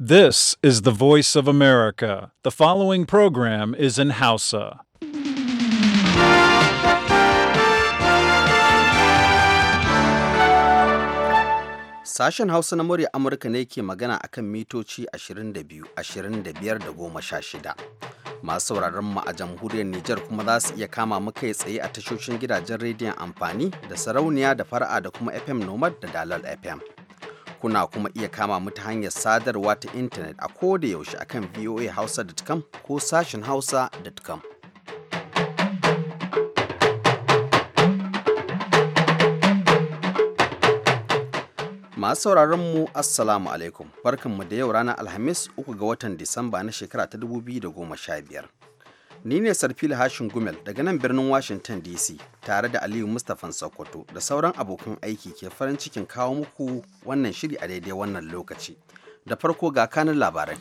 This is the voice of America. The following program is in Hausa. Sashen Hausa na murya Amurka ne ke magana a kan mitoci 22, 25 da goma sha shida Masu sauraron mu a jamhuriyar Nijar kuma za su iya kama muka tsaye a tashoshin gidajen rediyon amfani da sarauniya da fara'a da kuma FM Nomad da Dalal FM. kuna kuma iya kama mu ta hanyar sadarwa ta intanet a ko da yaushe akan hausa.com ko sashen hausa.com. Masu sauraron mu Assalamu alaikum, barkanmu da yau ranar Alhamis 3 ga watan Disamba na shekara ta 2015. Ni ne Sarfil Hashin Gumel daga nan birnin Washington DC tare da Aliyu Mustafan Sokoto da sauran abokan aiki ke farin cikin kawo muku wannan shiri a daidai wannan lokaci. Da farko ga kanin labaran.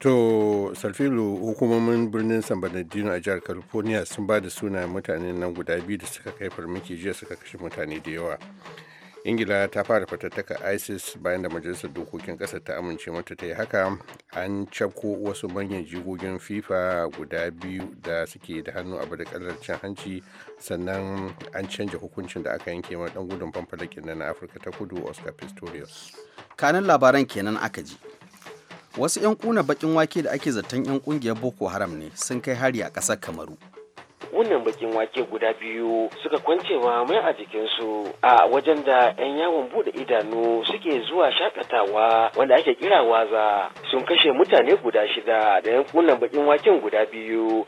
To, Sarfilu hukumomin birnin San Bernardino a jihar California sun ba da sunayen mutane nan guda biyu da suka kai farmaki jiya suka kashe mutane da yawa. ingila ta fara fatattaka isis bayan da majalisar dokokin ƙasa ta amince mata ta yi haka an cafko wasu manyan jigogin fifa guda biyu da suke da hannu a badakalar cin hanci sannan an canja hukuncin da aka yanke ma dan gudun fanfalakin na afirka ta kudu oscar pistorius kanan labaran kenan aka ji wasu 'yan kuna bakin wake da ake zaton 'yan kungiyar boko haram ne sun kai hari a ƙasar kamaru wannan bakin wake guda biyu suka kwancewa mai a jikinsu a wajen da 'yan yawon bude idanu suke zuwa shakatawa wanda ake kira waza sun kashe mutane guda shida da 'yan kunan bakin waken guda biyu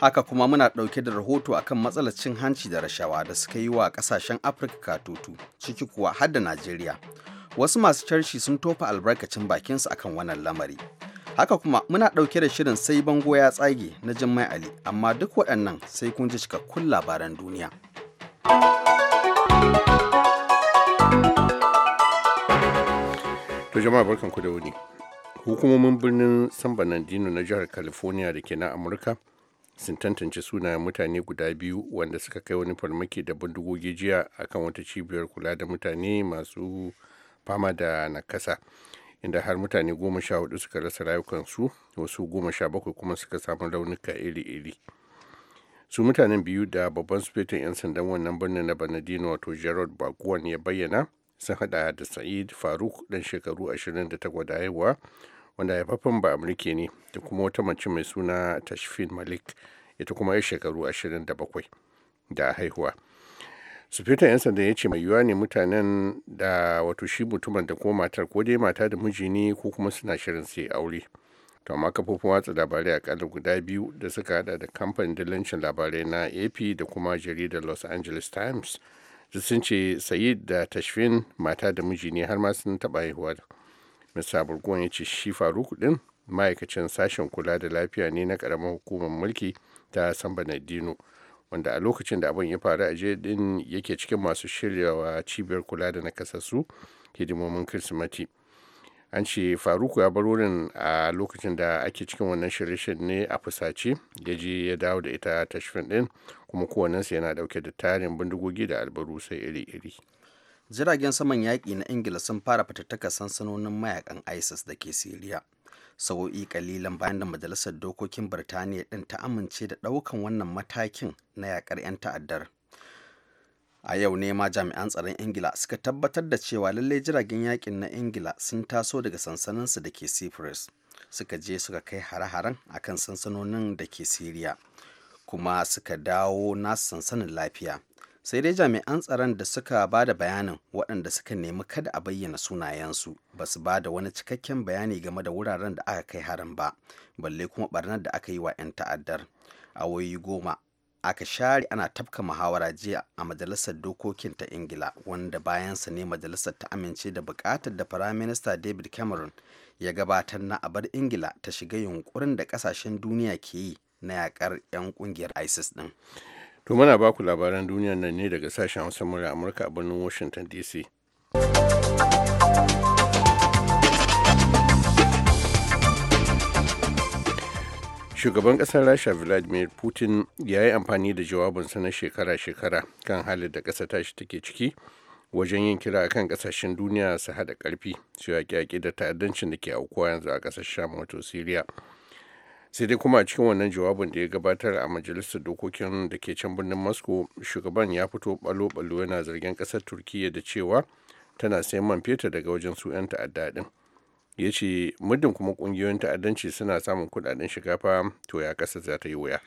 haka kuma muna ɗauke da rahoto akan matsalar cin hanci da rashawa da suka yi wa ƙasashen afirka katutu ciki kuwa har da najeriya wasu masu carshi sun tofa albarkacin bakinsu akan wannan lamari Haka kuma muna ɗauke da shirin sai bango ya tsage na jimmai Ali, amma duk waɗannan sai kun ji cikakkun labaran duniya. To jama'a barkanku da wuni. Hukumomin birnin San Bernardino na jihar California da ke na Amurka sun tantance sunayen mutane guda biyu wanda suka kai wani farmaki da bindigogi jiya akan wata cibiyar kula da mutane masu fama da nakasa. inda har mutane goma sha hudu suka rasa rayukansu wasu goma sha bakwai kuma suka samu raunuka iri-iri su mutanen biyu da babban sufetin 'yan sandan wannan birnin na banadino wato gerald baguwan ya bayyana sun hada da sa'id faruk dan shekaru 28 da haihuwa wanda haifaffen ba amurke ne da kuma wata mace mai suna tashfin malik ita kuma ya shekaru 27 da haihuwa fito 'yan sanda ya ce mai yiwuwa ne mutanen da wato shi mutumin da ko matar ko dai mata da miji ne ko kuma suna shirin sai aure to amma kafofin watsa labarai a akalla guda biyu da suka hada da kamfanin dillancin labarai na ap da kuma jaridar los angeles times sun ce sayid da tashfin mata da miji ne har ma sun taba haihuwa mista burgon ya ce shi faruku din ma'aikacin sashen kula da lafiya ne na karamar hukumar mulki ta san benedino wanda a lokacin da abin ya faru a jiya din yake cikin masu shiryawa cibiyar kula da nakasassu hidimomin kirsimati an ce faruku ya bar wurin a lokacin da ake cikin wannan shirye ne a fusace ya je ya dawo da ita tashfin din kuma kowannensa yana dauke da tarin bindigogi da albaru sai iri-iri jiragen saman yaƙi na ingila sun fara fatattaka sansanonin mayakan isis da ke siriya sa'o'i kalilan bayan da majalisar dokokin birtaniya din ta amince da daukan wannan matakin na yakar 'yan ta'addar a yau ne ma jami'an tsaron ingila suka tabbatar da cewa lallai jiragen yakin na ingila sun taso daga sansaninsu da ke cyprus suka je suka kai hare-haren akan sansanonin da ke syria kuma suka dawo nasu sansanin lafiya sai dai jami'an tsaron da suka ba da bayanin waɗanda suka nemi kada a bayyana sunayensu ba su ba da wani cikakken bayani game da wuraren da aka kai harin ba balle kuma barnar da aka yi wa 'yan ta'addar a wayoyi goma aka share ana tafka muhawara jiya a majalisar dokokin ta ingila wanda bayansa ne majalisar ta amince da bukatar da firaminista david cameron ya gabatar na abar ingila ta shiga yunkurin da kasashen duniya ke yi na yakar 'yan kungiyar isis din To muna ba ku labaran duniya nan ne daga sashen Hausa murya Amurka a birnin Washington DC. Shugaban ƙasar Rasha Vladimir Putin ya yi amfani da jawabinsa na shekara-shekara kan halin da ƙasa tashi take ciki wajen yin kira kan ƙasashen duniya su haɗa ƙarfi su yaƙi da ta'addancin da ke aukuwa yanzu a ƙasashen wato Siriya. sai dai kuma a cikin wannan jawabin da ya gabatar a majalisar dokokin da ke can birnin moscow shugaban ya fito balo-balo yana zargin kasar turkiyya da cewa tana sayan man fetur daga wajen su 'yan ta'adda din ya ce muddin kuma kungiyoyin ta'addanci suna samun kudaden shiga fa to ya kasa za ta yi wuya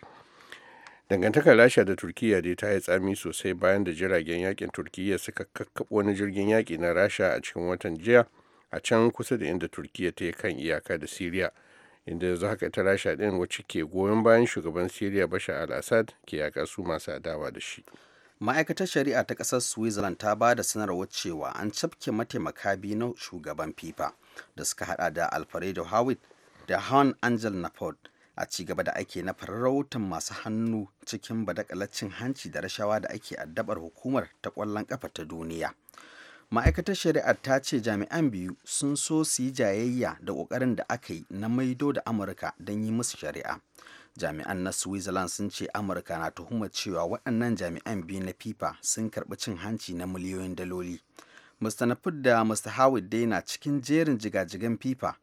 dangantaka rasha da turkiyya dai ta yi tsami sosai bayan da jiragen yakin turkiyya suka kakkaɓo wani jirgin yaki na rasha a cikin watan jiya a can kusa da inda turkiyya ta yi kan iyaka da siriya inda yanzu haka ita rasha din wacce ke goyon bayan shugaban siriya bashar al-assad ke yaƙa su masu adawa da shi ma'aikatar shari'a ta ƙasar switzerland ta ba da sanarwar cewa an cafke mataimaka biyu na shugaban fifa da suka hada da alfredo hawit da han angel napod a ci gaba da ake na fararautan masu hannu cikin badakalaccin hanci da rashawa da ake addabar hukumar ta kwallon ƙafa ta duniya ma'aikatar shari'ar ta ce jami'an biyu sun so su yi jayayya da ƙoƙarin da aka yi na maido da amurka don yi musu shari'a jami'an na switzerland sun ce amurka na tuhumar cewa waɗannan jami'an biyu na fifa sun karɓi cin hanci na miliyoyin daloli mr nafud da mr howard dai na cikin jerin jigajigan fifa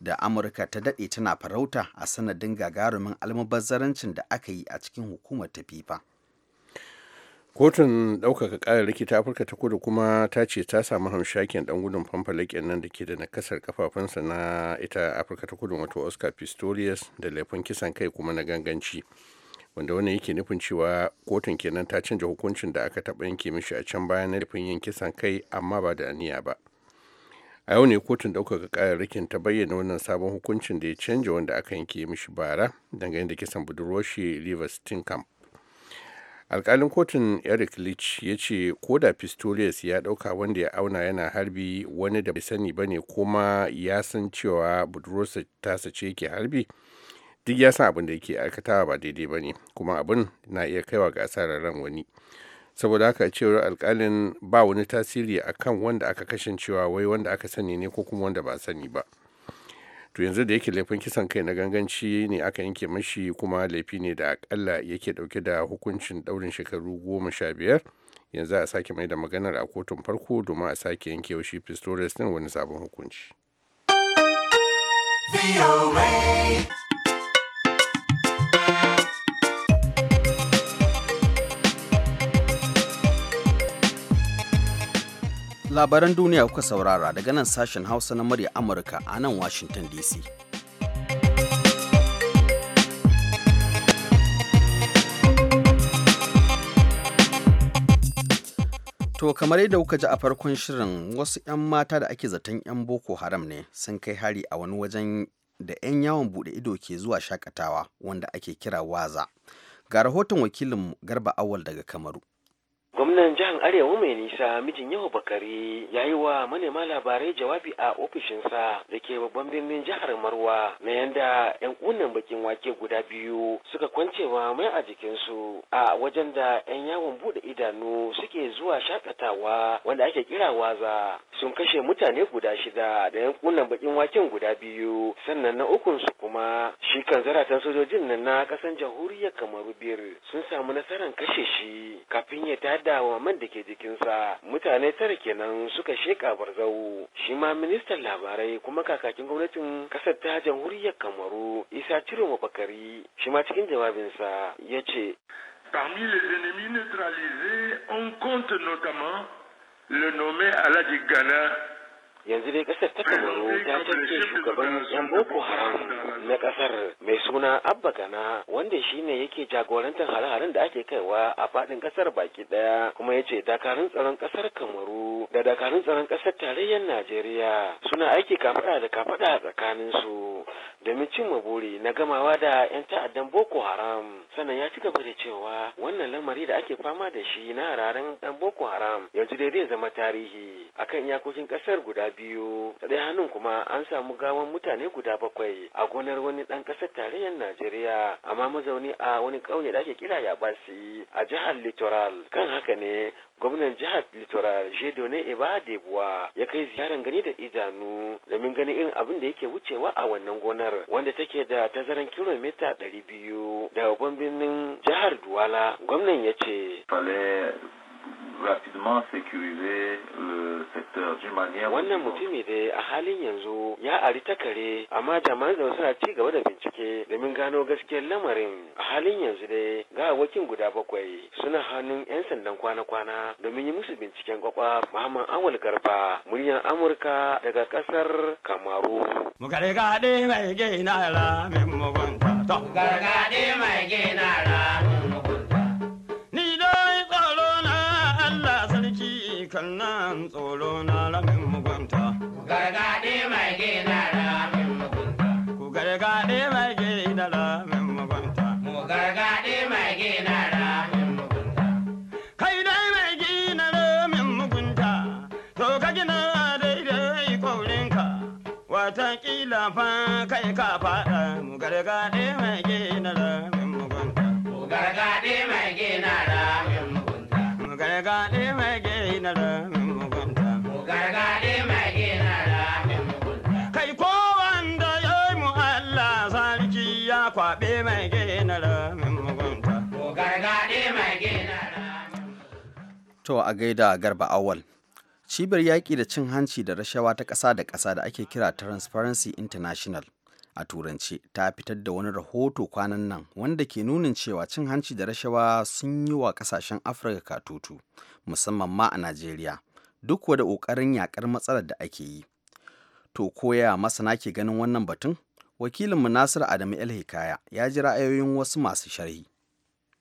da amurka ta daɗe tana farauta a sanadin gagarumin almubazzarancin da aka yi a cikin hukumar ta fifa kotun ɗaukaka riki ta afirka ta kudu kuma ta ce ta samu hamshakin ɗan gudun famfalakin nan da ke da nakasar kafafunsa na ita afirka ta kudu wato oscar pistorius da laifin kisan kai kuma na ganganci wanda wani yake nufin cewa kotun kenan ta canja hukuncin da aka taba yanke mishi a can bayan na laifin yin kisan kai amma ba da aniya ba a yau ne kotun ɗaukaka rikin ta bayyana wannan sabon hukuncin da ya canja wanda aka yanke mishi bara dangane da kisan budurwar shi liver stinkamp alkalin kotun eric leach ya ce koda pistorius ya dauka wanda ya auna yana harbi wani da bai sani ba ne kuma ya san cewa budurwarsa ta sace yake harbi duk ya san abin da yake aikatawa ba daidai ba ne kuma abin na iya kaiwa ga asarar ran wani saboda haka cewar alkalin ba wani tasiri akan wanda aka kashe cewa wai wanda aka sani ne ko kuma wanda ba sani ba to yanzu da yake laifin kisan kai na ganganci ne aka yanke mashi kuma laifi ne da akalla yake dauke da hukuncin daurin shekaru goma sha biyar yanzu a sake mai da maganar a kotun farko domin a sake yanke shi pistorius din wani sabon hukunci. labaran duniya kuka saurara daga nan sashen hausa na murya amurka a nan washington dc To kamar yadda kuka ji a farkon shirin wasu 'yan mata da ake zaton 'yan Boko Haram ne sun kai hari a wani wajen da 'yan yawon bude ido ke zuwa shakatawa wanda ake kira waza. Ga rahoton wakilin Garba Awal daga Kamaru. Gwamnan jihar Arewa mai nisa mijin yau Bakari ya yi wa manema labarai jawabi a ofishinsa da ke babban birnin jihar Marwa na yanda 'yan kunnen bakin wake guda biyu suka kwancewa mai a jikinsu a wajen da 'yan yawon bude idanu suke zuwa shakatawa wanda ake kira waza. sun kashe mutane guda shida da yankunan bakin waken guda biyu sannan na ukun su kuma shi kan zaratan sojojin nan na kasan jamhuriyar kamaru biyar sun samu nasarar kashe shi kafin ya tada wa man da ke jikinsa mutane tara kenan suka sheka barzau shi ma ministan labarai kuma kakakin gwamnatin kasar ta jamhuriyar kamaru isa ciro mabakari shi ma cikin jawabinsa ya ce Parmi les ennemis neutralisés, on compte notamment le nommé à la du Ghana yanzu dai kasar ta kamaru ta tanke shugaban yan boko haram na kasar mai suna abba gana wanda shine yake jagorantar hare-haren da ake kaiwa a fadin kasar baki daya kuma ya ce dakarun tsaron kasar kamaru da dakarun tsaron kasar tarayyar najeriya suna aiki kafada da kafada a tsakanin su domin cin buri na gamawa da yan ta'addan boko haram sannan ya ci gaba da cewa wannan lamari da ake fama da shi na hararen dan boko haram yanzu dai zai zama tarihi akan iyakokin kasar guda biyu ta hannun kuma an samu gawan mutane guda bakwai a gonar wani ɗan ƙasar tarayyar najeriya amma mazauni a wani ƙauye da ake kira basi a jihar littoral kan haka ne gwamnan jihar littoral jedone eba debuwa ya kai ziyaran gani da idanu domin gani irin abin da yake wucewa a wannan gonar wanda take da tazaran kilomita ɗari biyu daga gwamnan jihar duwala gwamnan ya ce rapidement sécuriser le secteur wannan mutumi a halin yanzu ya ari takare amma jama'an da suna ci gaba da bincike domin gano gaskiyar lamarin a halin yanzu dai wakin guda bakwai suna hannun yan sandan kwana-kwana domin yi musu binciken kwakwa muhammad awal garba muryar amurka daga kasar kamaru mu mai gina la mugunta Gargaɗe mai gina mugunta. mugunta. Gargaɗe mai ya yi mu Allah sarki ya kwaɓe mai gina mugunta. To a gaida garba awal. Cibiyar yaƙi da cin hanci da rashawa ta ƙasa da ƙasa da ake kira Transparency International a turance ta fitar da wani rahoto kwanan nan wanda ke nunin cewa cin hanci da rashawa sun yi wa kasashen afirka katutu musamman ma a najeriya duk wada ƙoƙarin yaƙar matsalar da ake yi to koya masana ke ganin wannan batun wakilin mu nasir adamu el hikaya ya ji ra'ayoyin wasu masu sharhi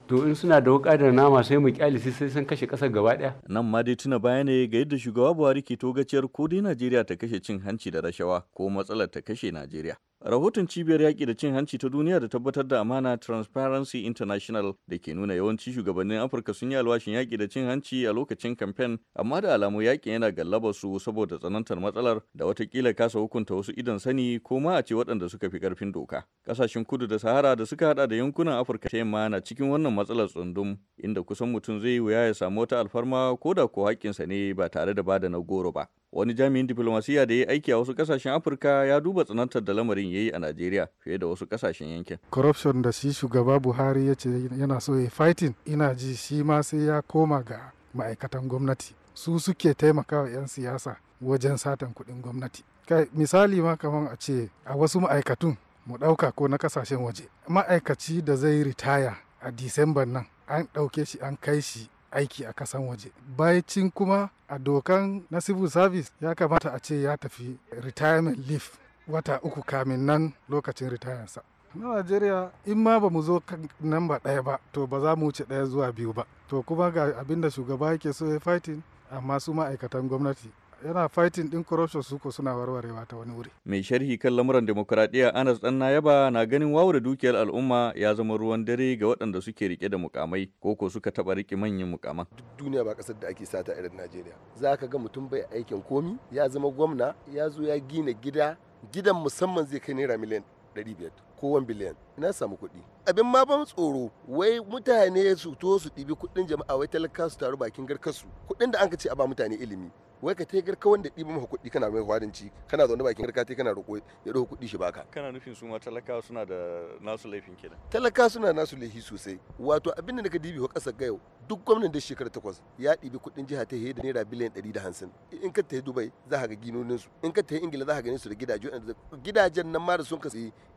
to in suna da wuka da nama sai mu kyalisi sai sun kashe kasar gaba daya nan ma dai tuna baya ne ga yadda shugaba buhari ke togaciyar ko dai najeriya ta kashe cin hanci da rashawa ko matsalar ta kashe najeriya Rahoton cibiyar yaƙi da cin hanci ta duniya da tabbatar da amana Transparency International da ke nuna yawanci shugabannin Afirka sun yi alwashin yaƙi da cin hanci a lokacin kamfen, amma da alamu yaƙin yana gallaba su saboda tsanantar matsalar da watakila kasa hukunta wasu idan sani ko ma a ce waɗanda suka fi ƙarfin doka. Ƙasashen kudu da Sahara da suka haɗa da yankunan Afirka ta yamma na cikin wannan matsalar tsundum, inda kusan mutum zai wuya ya samu wata alfarma ko da ko haƙƙinsa ne ba tare da bada na goro ba. wani jami'in diplomasiya da ya aiki a wasu kasashen afirka ya duba tsanantar da lamarin ya yi a najeriya fiye da wasu kasashen yankin corruption da shi shugaba buhari ya ce yana so ya fighting ina ji shi ma sai ya koma ga ma'aikatan gwamnati su suke taimakawa 'yan siyasa wajen satan kudin gwamnati kai misali ma kamar a ce a wasu ma'aikatun mu ɗauka ko na kasashen waje ma'aikaci da zai ritaya a disamban nan an ɗauke shi an kai shi aiki a kasan waje bayacin kuma a dokan na civil service ya kamata a ce ya tafi retirement leave wata uku kamin nan lokacin ritayansa na najeriya in ma ba mu zo kan namba ɗaya ba to ba za mu wuce ɗaya zuwa biyu ba to kuma ga abinda shugaba yake so ya fighting amma su ma'aikatan gwamnati yana fighting din corruption su ko suna warwarewa ta wani wuri mai sharhi kan lamuran demokuraɗiyya anas dan yaba na ganin da dukiyar al'umma ya zama ruwan dare ga waɗanda suke rike da mukamai ko ko suka taba rike manyan mukaman duniya ba kasar da ake sata irin najeriya za ka ga mutum bai aikin komi ya zama gwamna ya zo ya gina gida gidan musamman zai kai naira miliyan 500 ko 1 biliyan ina samu kuɗi abin ma ban tsoro wai mutane su to su ɗibi kuɗin jama'a wai talaka su taru bakin garkarsu kuɗin da an ka ce a ba mutane ilimi wai ka taigar ka wanda ɗiba maka kuɗi kana mai hwadanci kana zaune bakin garka kana roƙo ya ɗauko kuɗi shi baka kana nufin su ma talaka suna da nasu laifin kenan talaka suna nasu laifi sosai wato abin da naka dibi wa ƙasar gayo duk gwamnan da shekara takwas ya ɗibi kuɗin jiha ta da naira biliyan ɗari da hamsin in ka tafi dubai za ka ga ginonin su in ka tafi ingila za ka gani su da gidaje gidajen nan ma da sun ka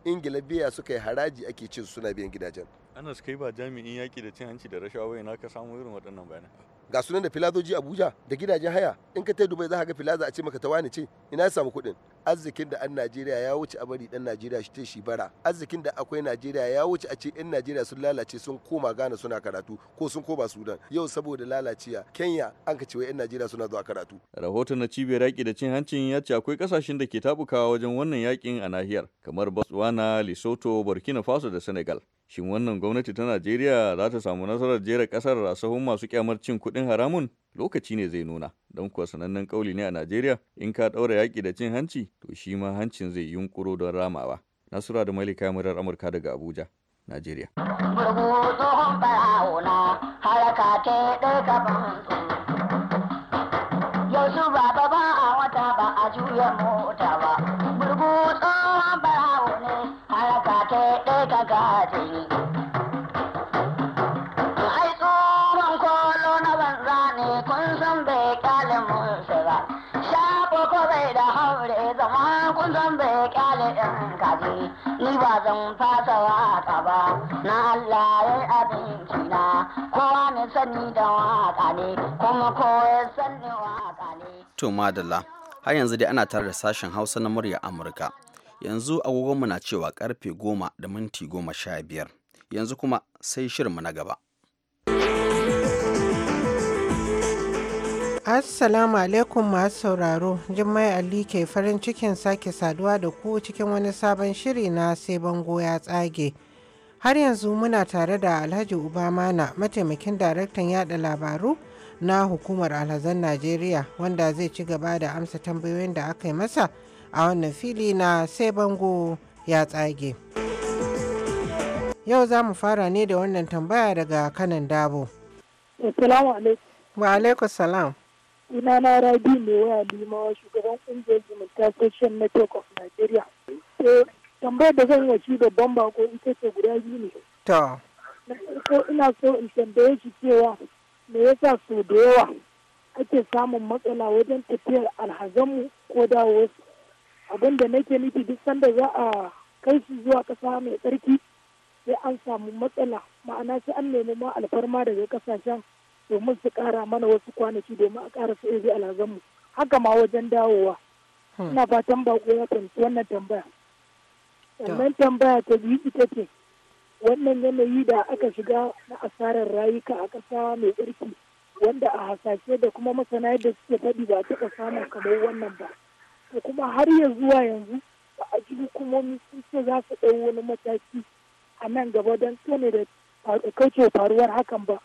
ingila biya suka yi haraji ake cin suna biyan gidajen anas kai ba jami'in yaƙi da cin hanci da rashawa bai na ka samu irin waɗannan bayanai ga sunan da filazoji abuja da gidajen haya in ka tai dubai za ka ga filaza a ce maka ta wani ce ina ya samu kuɗin arzikin da an najeriya ya wuce a bari dan najeriya shi shi bara arzikin da akwai najeriya ya wuce a ce yan najeriya sun lalace sun koma gana suna karatu ko sun koma sudan yau saboda lalaciya kenya an ka ce yan najeriya suna zuwa karatu rahoton na cibiyar yaƙi da cin hancin ya ce akwai ƙasashen da ke tabukawa wajen wannan yaƙin a nahiyar kamar botswana lesotho burkina faso da senegal shin wannan gwamnati ta najeriya za ta samu nasarar jera ƙasar a sahun masu kyamar cin kuɗi kuɗin haramun lokaci ne zai nuna don kuwa sanannen ƙauli ne a Najeriya in ka ɗaura yaƙi da cin hanci to shi ma hancin zai yunƙuro don ramawa. Nasura da Malika murar Amurka daga Abuja, Najeriya. Yau su baba ba a wata ba a juya mu bai kyale ɗin kaji ni ba zan fasa waka ba na Allah ya abinci na kowa ne sani da waka ne kuma kowa sani waka ne. To madalla har yanzu dai ana tare da sashen Hausa na murya Amurka. Yanzu agogonmu na cewa karfe goma da minti goma sha biyar. Yanzu kuma sai shirinmu na gaba. Assalamu alaikum masu sauraro, Jummai Ali ke farin cikin sake saduwa da ku cikin wani sabon shiri na sai bango ya tsage. Har yanzu muna tare da Alhaji Ubamana mataimakin daraktan yada labaru na hukumar alhazan Najeriya wanda zai ci gaba da amsa tambayoyin da aka yi masa a wannan fili na sai bango ya tsage. Yau za mu fara ne da wannan tambaya daga kanan dabo. Wa alaikum salam. sunana rabi ne waya limawa shugaban kungiyar zumunta social network of nigeria tambayar da zan yi bamba ko ita ce guda biyu ne ta ina so in tambaye shi cewa me yasa sau da yawa ake samun matsala wajen tafiyar alhazanmu ko dawowarsu abin da nake nufi duk sanda za a kai shi zuwa ƙasa mai tsarki sai an samu matsala ma'ana sai an nemi ma alfarma daga ƙasashen. domin su kara mana wasu kwanaki domin a kara su iri alhazanmu haka ma wajen dawowa hmm. ina fatan bako ya fahimci wannan tambaya wannan tambaya ta biyu ita ce wannan yanayi da aka shiga na asarar rayuka a ƙasa mai tsarki wanda a hasashe da kuma masana yadda suke faɗi ba taɓa samun kamar wannan ba to kuma har ya zuwa yanzu ba a ji hukumomi sun ce za su ɗau wani mataki a nan gaba don tsone da kauce faruwar hakan ba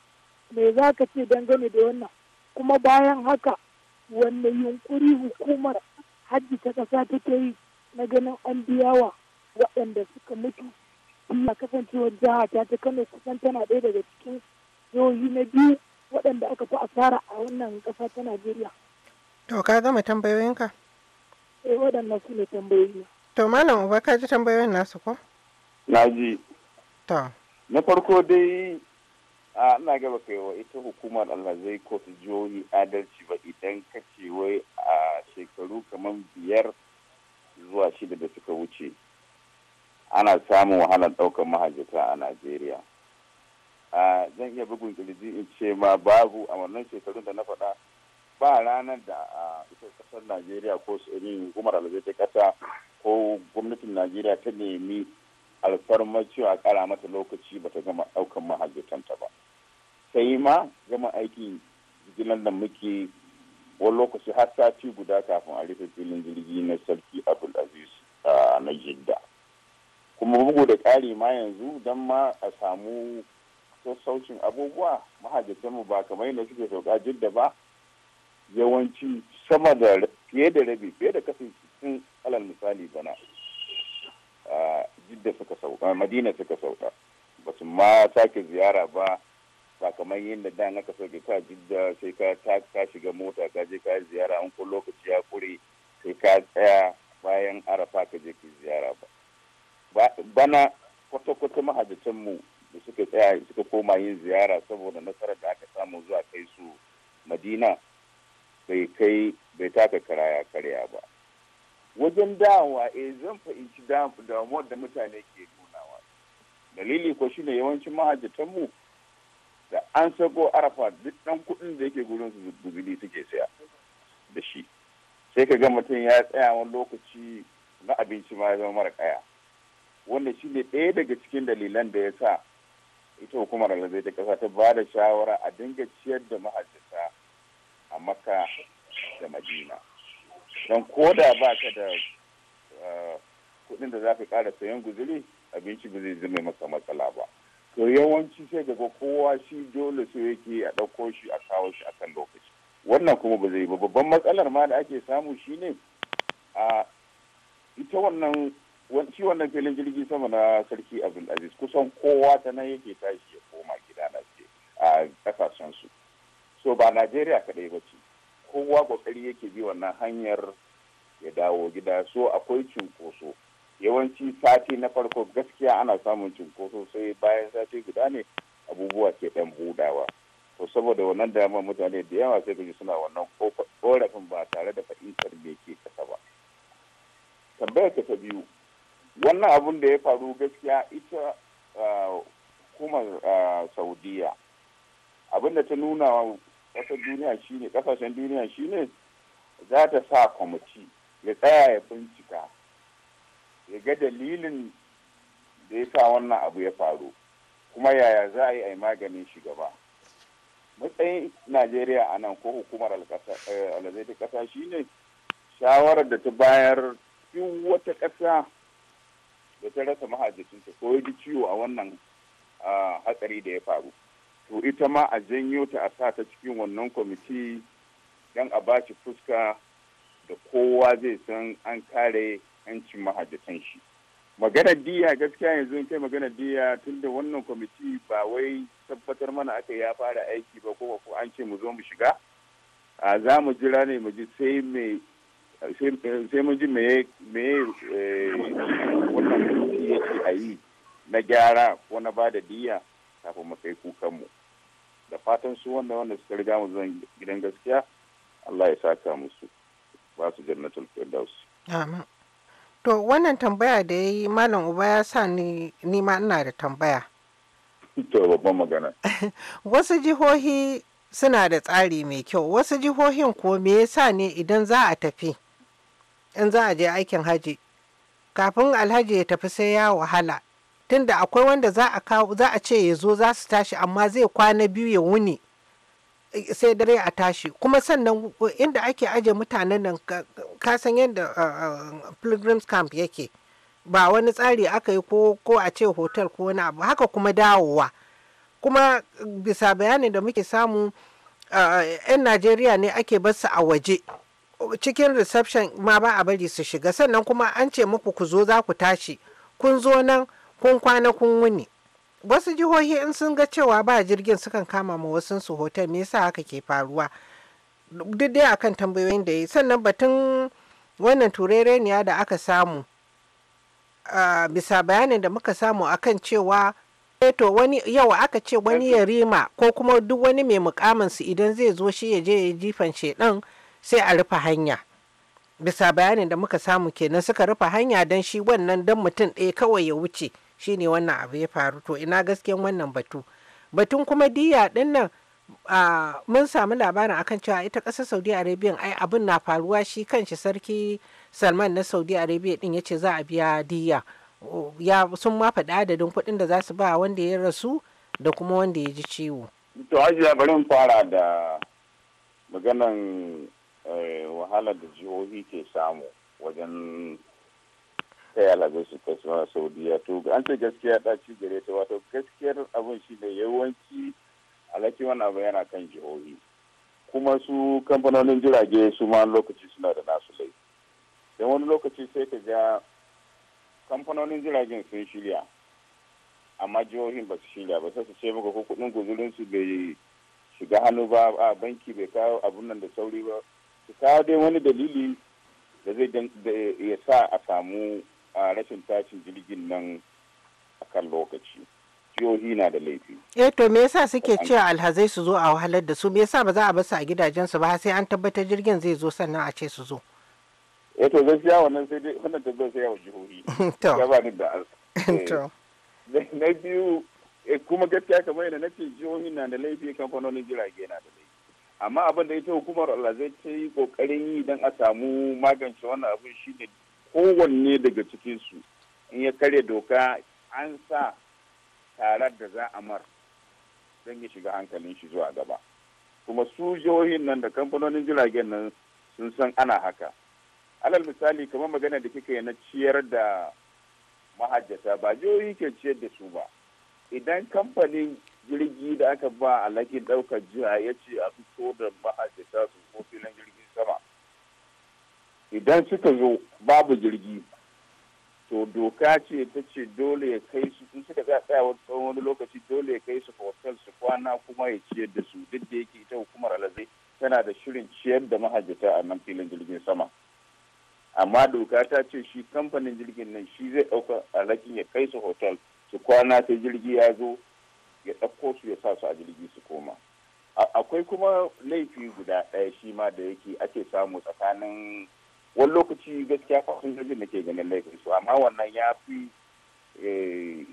me za ka ce dangane da wannan kuma bayan haka wanne yunkuri hukumar hajji ta ƙasa ta yi na ganin an biyawa waɗanda suka mutu biya kasancewar jiha ta ta kano kusan tana ɗaya daga cikin jihohi na biyu waɗanda aka fi asara a wannan ƙasa ta najeriya to ka gama tambayoyinka eh waɗannan su ne tambayoyi to malam uba ka ji tambayoyin nasu ko na ji to na farko dai a ina gaba kai wa ita hukumar zai ko su jihohi adalci ba idan ka ce wai a shekaru kamar biyar zuwa shida da suka wuce ana samun wahalar ɗaukar mahajjata a najeriya a zan iya bugun kirji in ce ma babu a wannan shekarun da na faɗa ba ranar da a ita kasar najeriya ko su irin eh, hukumar zai ta kasa ko gwamnatin najeriya ta nemi alfarmar cewa kara mata lokaci bata gama daukan mahajjatanta ba sai ma gama aikin jigilan da muke wani lokaci har sati guda kafin a rufe filin jirgi na sarki abdulaziz na jidda kuma bugu da ƙari ma yanzu don ma a samu sassaucin abubuwa mu ba kamar yadda suke sauka jidda ba yawanci sama da fiye da rabi fiye da kasance cikin alal misali bana jidda suka sauka madina suka sauka ba su ma sake ziyara ba sakamakon yin da dan aka sauke ka jidda sai ka ta shiga mota ka je ka ziyara an ko lokaci ya kure sai ka tsaya bayan arafa ka je ki ziyara ba bana kwata-kwata mu da suka tsaya suka koma yin ziyara saboda nasarar da aka samu zuwa kai su madina bai kai bai taka karaya karya ba wajen dawa eh zan fahimci damuwar da mutane ke nunawa dalili ko shine yawancin mahajjatanmu da an sago arafa duk dan kuɗin da yake gurin su guzuri suke saya da shi sai ka ga mutum ya tsaya wani lokaci na abinci ma ya zama mara kaya wanda shi ne ɗaya daga cikin dalilan da ya sa ita hukumar alazai ta ƙasa ta ba da shawara a dinga ciyar da mahajjata a makka da madina don koda ba ka da ah, kudin da za ka kara sayan guzuri abinci ba zai zama masa matsala ba to yawanci sai daga kowa shi dole so yake a ɗauko shi a kawo shi a kan lokaci wannan kuma ba zai ba babban matsalar ma da ake samu shine a ah, ita wannan wanci wannan filin jirgin sama na sarki aziz kusan kowa ta nan yake tashi ya koma gida na ce ah, a kasashensu so ba najeriya kaɗai ba ce kowa kokari yake bi wannan hanyar ya dawo gida so akwai cunkoso yawanci sati na farko gaskiya ana samun cunkoso sai bayan sati guda ne abubuwa ke dan budawa to saboda wannan dama mutane da yawa sai kaji suna wannan korafin ba tare da fahimtar me ke kasa ba tambayar ta biyu wannan abun da ya faru gaskiya ita ah, hukumar ah, saudiya abin da ta nuna ƙasar duniya shine duniya shine za ta sa kwamiti ya tsaya ya bincika ya ga dalilin da ya sa wannan abu ya faru kuma yaya za a yi a yi maganin shi gaba matsayin najeriya a nan ko hukumar alazai eh, ta ƙasa shine shawarar da ta bayar duk wata ƙasa da ta rasa mahajjacinta ko ya ji ciwo a wannan ah, hatsari da ya faru to ita ma a janyo ta a sa ta cikin wannan kwamiti don a ba shi fuska da kowa zai san an kare 'yancin mahajjatan shi maganar diya gaskiya yanzu kai maganar diya tunda wannan kwamiti ba wai tabbatar mana aka ya fara aiki ba ko ko an ce mu zo mu shiga a za mu jira ne mu ji sai me sai mu ji me me eh, wannan kwamiti yake a yi na gyara ko na ba da diya kafin mu kai kukanmu. da fatan su wanda wanda suka riga mu zan gidan gaskiya Allah ya saka musu ba su jannatul firdaus amin to wannan tambaya da yayi malam uba ya sa ni ni ma ina da tambaya to babban magana wasu jihohi suna da tsari mai kyau wasu jihohin ko me yasa ne idan za a tafi in za a je aikin haji kafin alhaji ya tafi sai ya wahala tunda akwai wanda za a kawo za a ce ya zo za su tashi amma zai kwana biyu ya wuni sai dare a tashi kuma sannan inda ake ajiye mutanen nan ka san yadda uh, uh, pilgrims camp yake ba wani tsari aka yi ko a ce hotel ko wani abu haka kuma dawowa kuma bisa bayanin da muke samu uh, 'yan najeriya ne ake basu a waje cikin reception ma ba a bari su shiga sannan kuma an ce muku ku zo za ku tashi kun zo nan kun kwana kun wuni wasu jihohi in sun ga cewa ba jirgin sukan kama ma wasu su hotel me yasa haka ke faruwa duk dai akan tambayoyin da yi sannan batun wannan turereniya da aka samu bisa bayanin da muka samu akan cewa eh to wani yau aka ce wani ya rima ko kuma duk wani mai mukamin su idan zai zo shi ya je ya jifan shedan sai a rufe hanya bisa bayanin da muka samu kenan suka rufe hanya don shi wannan don mutum ɗaya kawai ya wuce shine wannan abu ya faru to ina gaskiyan wannan batu batun kuma diya din nan mun samu labarin akan cewa ita kasar saudi arabia ai abin na faruwa shi kanshi sarki salman na saudi arabia din ya ce za a biya diya ya sun ma faɗi adadin kuɗin da za su ba wanda ya rasu da kuma wanda ya ji ciwo to ajiya bari fara da maganan eh, wahalar da jihohi ke samu wajen ta yi alazar su kasuwa saudiya to an ce gaskiya ci gare ta wato gaskiyar abin shi ne yawanci alhakin wani abu yana kan jihohi kuma su kamfanonin jirage su ma lokaci suna da nasu lai don wani lokaci sai ka ga kamfanonin jiragen sun shirya amma jihohin ba su shirya ba sai su ce maka ko kuɗin guzurin su bai shiga hannu ba a banki bai kawo abun nan da sauri ba su kawo dai wani dalili da zai ya sa a samu a rashin tashin jirgin nan a kan lokaci jihohi na da laifi eh to me yasa suke cewa alhazai su zo a wahalar da su me yasa ba za a basu a gidajen su ba sai an tabbatar jirgin zai zo sannan a ce su zo eh to gaskiya wannan sai dai wannan tabbatar sai wa jihohi to ya ba ni da to eh. na biyu eh, kuma gaskiya kamar yadda nace jihohi na da laifi kamfanonin jirage na da laifi amma abin da ita hukumar alhazai ta yi kokarin yi don a samu magance wannan abin shi ne kowanne daga cikinsu in ya karya doka an sa tarar da za a mar don ya shiga hankalin shi zuwa gaba kuma su jihohin nan da kamfanonin jiragen nan sun san ana haka alal misali kamar magana da kika yi na ciyar da mahajjata ba jihohi ke ciyar da su ba idan kamfanin jirgi da aka ba alhakin ɗaukar jiha ya ce a fito da mahajjata su ko filin idan suka zo babu jirgi to doka ce ta ce dole ya kai su sun suka za tsaya tsawon wani lokaci dole ya kai su hotel su kwana kuma ya ciyar da su duk da yake ita hukumar alazai tana da shirin ciyar da mahajjata a nan filin jirgin sama amma doka ta ce shi kamfanin jirgin nan shi zai ɗauka alakin ya kai su hotel su kwana ta jirgi ya zo ya ɗauko su ya sa su a jirgi su koma akwai kuma laifi guda ɗaya shi ma da yake ake samu tsakanin wani lokaci gaskiya fasinjojin da ke ganin laifin su amma wannan ya fi eh,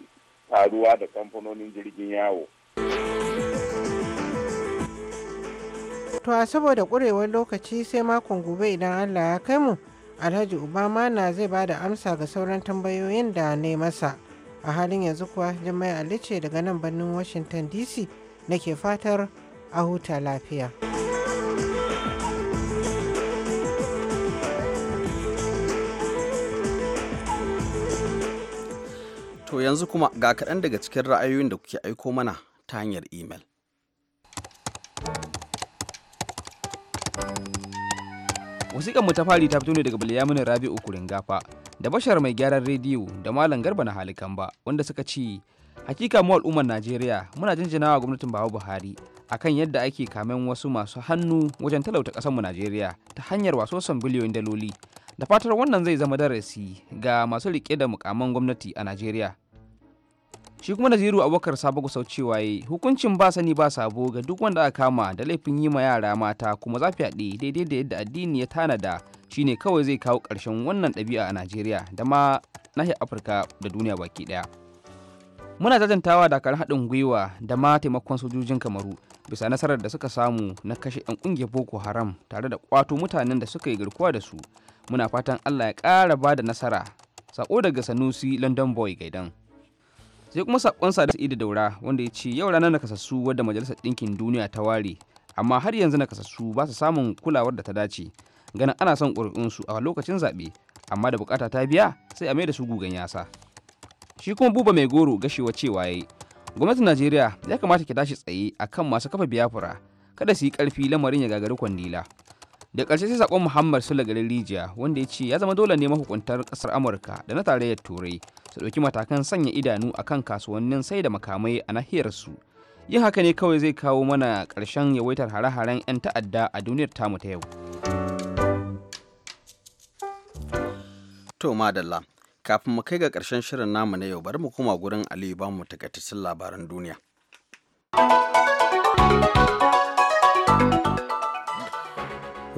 faruwa da kamfanonin jirgin yawo to a saboda kurewar lokaci sai makon gobe idan allah ya kai mu alhaji obama na zai ba da amsa ga sauran tambayoyin da ne masa a halin yanzu kuwa jami'ai alice daga nan birnin washington dc nake fatar a huta lafiya. To yanzu kuma ga kaɗan daga cikin ra'ayoyin da kuke aiko mana ta hanyar imel. Wasiƙan mu ta fari ta fito ne daga Bilyamin Rabi'u Kuringafa da bashar mai gyaran rediyo da Malam Garba na halikan ba wanda suka ce hakika mu al'ummar Najeriya muna jinjinawa gwamnatin Baba Buhari akan yadda ake kamen wasu masu hannu wajen talauta ƙasar mu Najeriya ta hanyar wasosan biliyoyin daloli da fatar wannan zai zama darasi ga masu rike da mukaman gwamnati a najeriya shi kuma naziru abokar sabo gusau cewa hukuncin ba sani ba sabo ga duk wanda aka kama da laifin yi ma yara mata kuma za fyaɗe daidai da yadda addini ya tanada shine kawai zai kawo ƙarshen wannan ɗabi'a a najeriya da ma nahiyar afirka da duniya baki ɗaya muna jajantawa dakar haɗin gwiwa da ma taimakon sojojin kamaru bisa nasarar da suka samu na kashe 'yan ƙungiyar boko haram tare da ƙwato mutanen da suka yi garkuwa da su muna fatan allah ya ƙara ba da nasara sako daga sanusi london boy gaidan sai kuma sakon sa da daura wanda ya ce yau ranar na kasassu wadda majalisar ɗinkin duniya ta ware amma har yanzu na kasassu ba su samun kulawar da ta dace ganin ana son ƙuri'unsu a lokacin zaɓe amma da bukata ta biya sai a mai da su gugan yasa shi kuma buba mai goro gashewa cewa yayi gwamnatin najeriya ya kamata ki tashi tsaye akan masu kafa biyafura kada su yi karfi lamarin ya gagari kwandila da ƙarshe sai sakon muhammad sula garin rijiya wanda ya ce ya zama dole ne mahukuntar ƙasar amurka da na tarayyar turai su ɗauki matakan sanya idanu a kan kasuwannin sai da makamai a nahiyar su yin haka ne kawai zai kawo mana ƙarshen yawaitar hare-haren 'yan ta'adda a duniyar tamu ta yau to madalla kafin mu kai ga ƙarshen shirin namu na yau bari mu koma gurin aliyu ba mu takaitaccen labaran duniya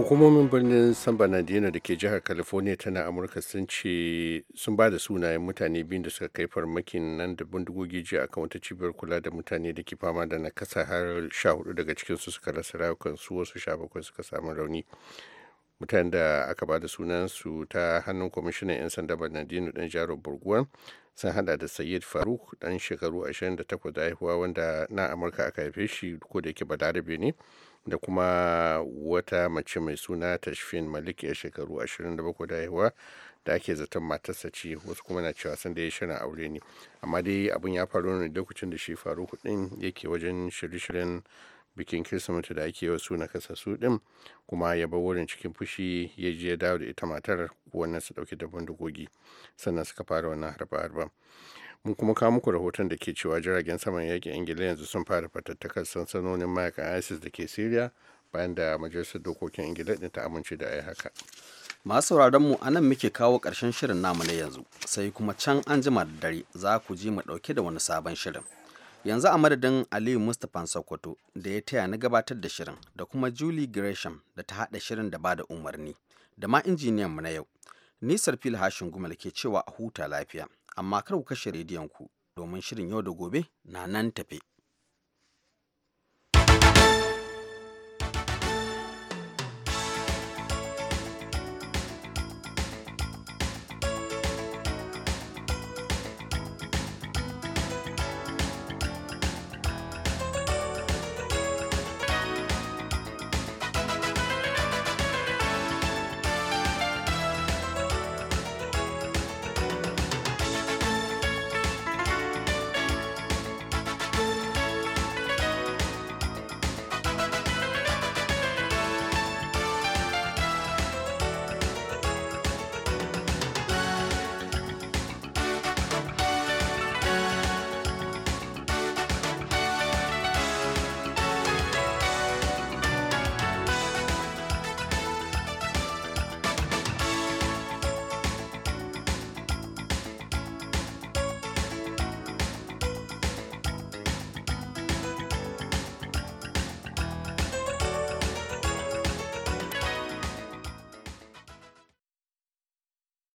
hukumomin birnin san bernardino da ke jihar california tana amurka sun ce sun ba da sunayen mutane biyu da suka kai farmakin nan da bindigogi jiya akan wata cibiyar kula da mutane da ke fama da nakasa har sha hudu daga cikinsu suka rasa su wasu sha bakwai suka samu rauni mutanen da aka ba da su ta hannun kwamishinan 'yan sanda bernardino dan jaro burguwan sun hada da sayid faruk dan shekaru ashirin da haihuwa wanda na amurka aka haife shi ko da yake balarabe ne da kuma wata mace mai suna tashfin maliki a shekaru 27 da haihuwa da ake zaton matarsa ce wasu kuma na cewa sun da ya shirin aure ne amma dai abin ya faru ne lokacin da shi faru kudin yake wajen shirye-shiryen bikin kirsimeti da ake wasu na su din kuma ya bar wurin cikin fushi ya je ya dawo da ita matar wannan su dauke da bindigogi sannan suka fara wannan harba-harban mun kuma kawo muku rahoton da ke cewa jiragen saman yakin ingila yanzu sun fara fatattakar sansanonin mayakan isis da ke syria bayan da majalisar dokokin ingila din ta amince da ai haka masu sauraron mu anan muke kawo karshen shirin namu na yanzu sai kuma can an jima da dare za ku ji mu ɗauke da wani sabon shirin yanzu a madadin aliyu mustapha sokoto da ya taya na gabatar da shirin da kuma julie gresham da ta haɗa shirin da ba da umarni da ma injiniyan mu na yau nisar fil hashin gumal ke cewa a huta lafiya amma kar ku kashe rediyon ku domin shirin yau da gobe na nan tafe.